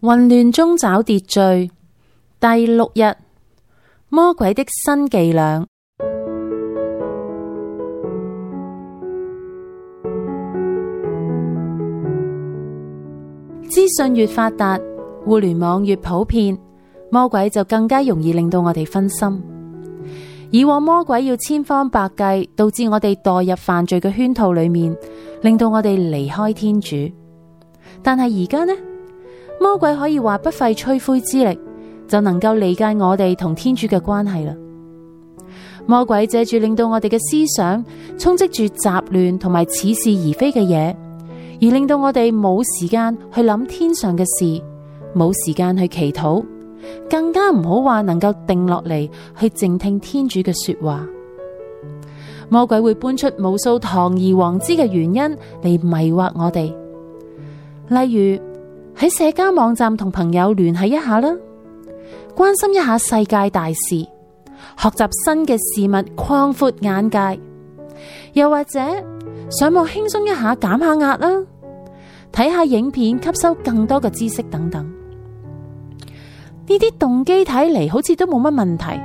混亂中找秩序。第六日，魔鬼的新伎倆。資訊越發達，互聯網越普遍，魔鬼就更加容易令到我哋分心。以往魔鬼要千方百計，導致我哋墮入犯罪嘅圈套裏面，令到我哋離開天主。但係而家呢？魔鬼可以話不費吹灰之力就能夠離間我哋同天主嘅關係啦。魔鬼借住令到我哋嘅思想充斥住雜亂同埋似是而非嘅嘢，而令到我哋冇時間去諗天上嘅事，冇時間去祈禱，更加唔好話能夠定落嚟去靜聽天主嘅說話。魔鬼會搬出無數堂而皇之嘅原因嚟迷惑我哋，例如：喺社交網站同朋友聯繫一下啦，關心一下世界大事，學習新嘅事物，擴闊眼界，又或者上網輕鬆一下，減下壓啦，睇下影片，吸收更多嘅知識等等。呢啲動機睇嚟好似都冇乜問題，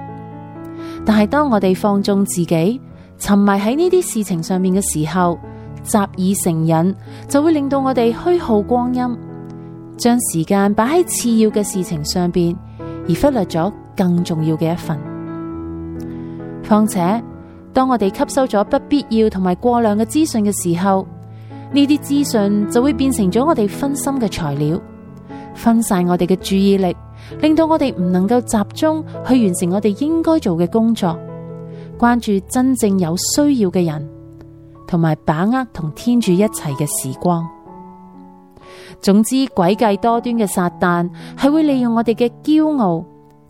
但係當我哋放縱自己，沉迷喺呢啲事情上面嘅時候，習以成癮，就會令到我哋虛耗光陰。將時間擺喺次要嘅事情上邊，而忽略咗更重要嘅一份。況且，當我哋吸收咗不必要同埋過量嘅資訊嘅時候，呢啲資訊就會變成咗我哋分心嘅材料，分散我哋嘅注意力，令到我哋唔能夠集中去完成我哋應該做嘅工作，關注真正有需要嘅人，同埋把握同天主一齊嘅時光。總之，詭計多端嘅撒旦係會利用我哋嘅驕傲、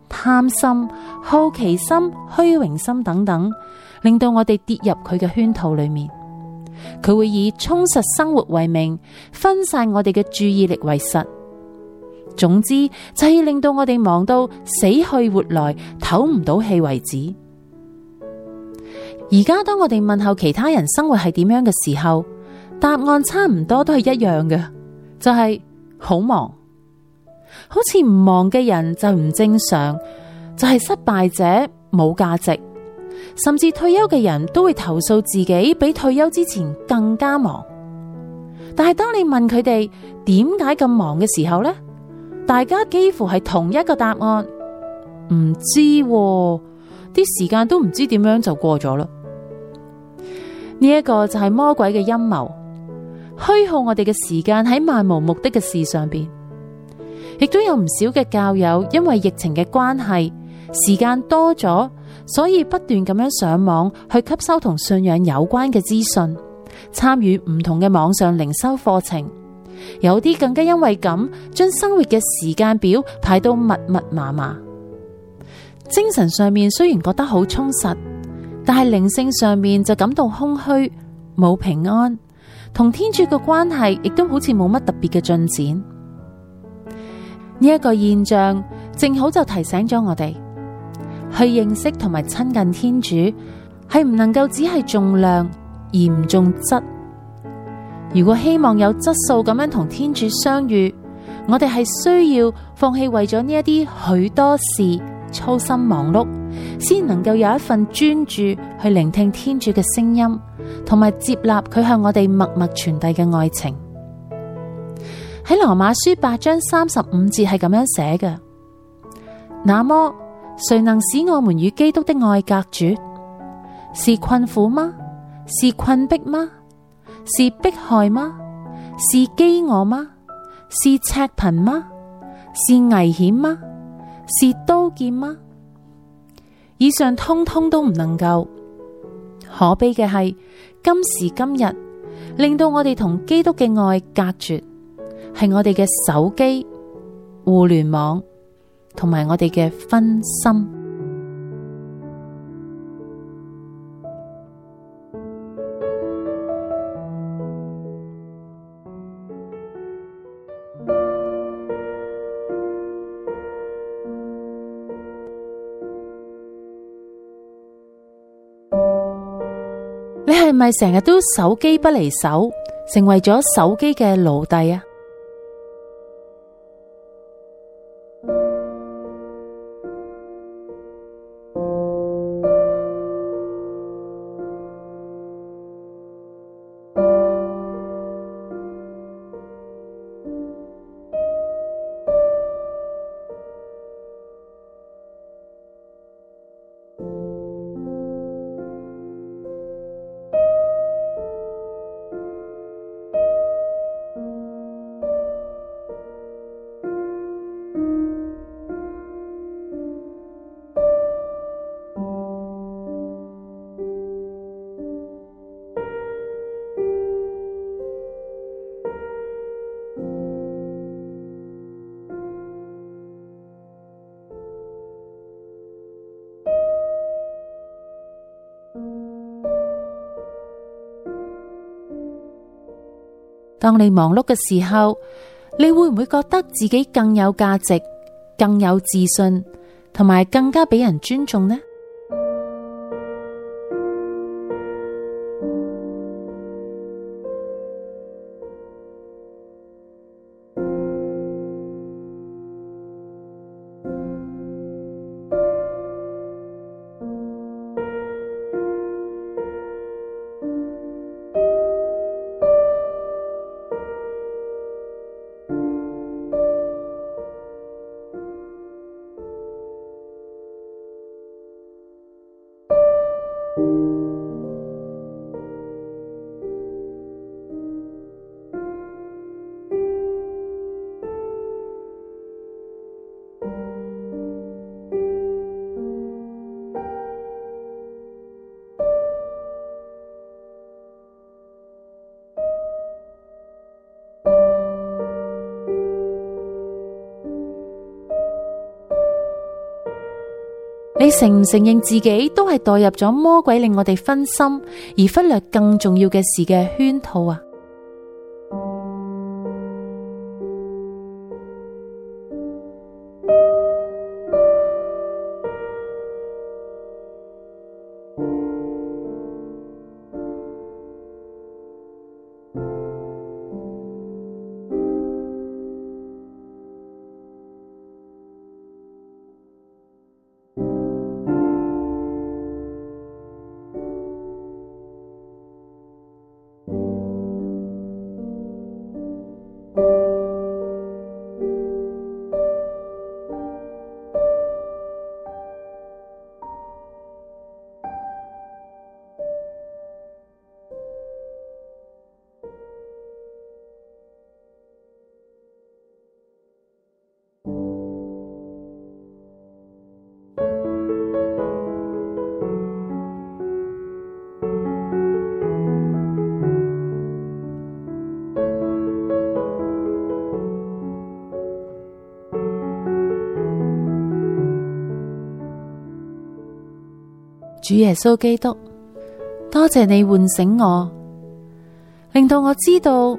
貪心、好奇心、虛榮心等等，令到我哋跌入佢嘅圈套裏面。佢會以充實生活為名，分散我哋嘅注意力為實。總之，就係令到我哋忙到死去活來，唞唔到氣為止。而家當我哋問候其他人生活係點樣嘅時候，答案差唔多都係一樣嘅。就係好忙，好似唔忙嘅人就唔正常，就係、是、失敗者冇價值，甚至退休嘅人都會投訴自己比退休之前更加忙。但係當你問佢哋點解咁忙嘅時候呢，大家幾乎係同一個答案。唔知、啊，啲時間都唔知點樣就過咗啦。呢、這、一個就係魔鬼嘅陰謀。虛耗我哋嘅時間喺漫無目的嘅事上邊，亦都有唔少嘅教友，因為疫情嘅關係，時間多咗，所以不斷咁樣上網去吸收同信仰有關嘅資訊，參與唔同嘅網上靈修課程。有啲更加因為咁，將生活嘅時間表排到密密麻麻，精神上面雖然覺得好充實，但係靈性上面就感到空虛，冇平安。同天主嘅關係亦都好似冇乜特別嘅進展，呢、這、一個現象正好就提醒咗我哋去認識同埋親近天主係唔能夠只係重量而唔重質。如果希望有質素咁樣同天主相遇，我哋係需要放棄為咗呢一啲許多事操心忙碌，先能夠有一份專注去聆聽天主嘅聲音，同埋接納佢向我哋默默傳遞嘅愛情，喺羅馬書八章三十五節係咁樣寫嘅。那麼，誰能使我們與基督的愛隔絕？是困苦嗎？是窘迫嗎？是迫害嗎？是饑餓嗎？是赤貧嗎？是危險嗎？是刀劍嗎？以上通通都唔能夠。可悲嘅係，今時今日令到我哋同基督嘅愛隔絕，係我哋嘅手機、互聯網同埋我哋嘅分心。係咪成日都手機不離手，成為咗手機嘅奴隸啊？當你忙碌嘅時候，你會唔會覺得自己更有價值、更有自信，同埋更加俾人尊重呢？你承唔承認自己都係代入墮入咗魔鬼令我哋分心，而忽略更重要嘅事嘅圈套啊？主耶穌基督，多謝你喚醒我，令到我知道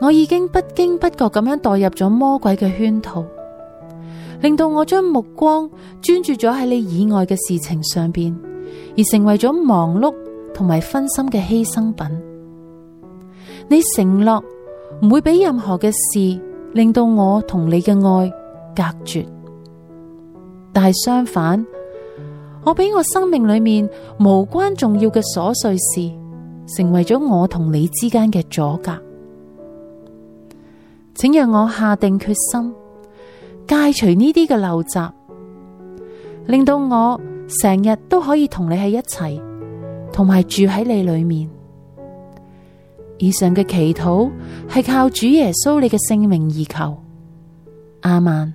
我已經不經不覺咁樣墮入咗魔鬼嘅圈套，令到我將目光專注咗喺你以外嘅事情上面，而成為咗忙碌同埋分心嘅犧牲品。你承諾唔會俾任何嘅事令到我同你嘅愛隔絕，但係相反。我俾我生命裏面無關重要嘅瑣碎事，成為咗我同你之間嘅阻隔。請讓我下定決心，戒除呢啲嘅陋習，令到我成日都可以同你喺一齊，同埋住喺你裏面。以上嘅祈禱係靠主耶穌你嘅聖名而求。亞孟。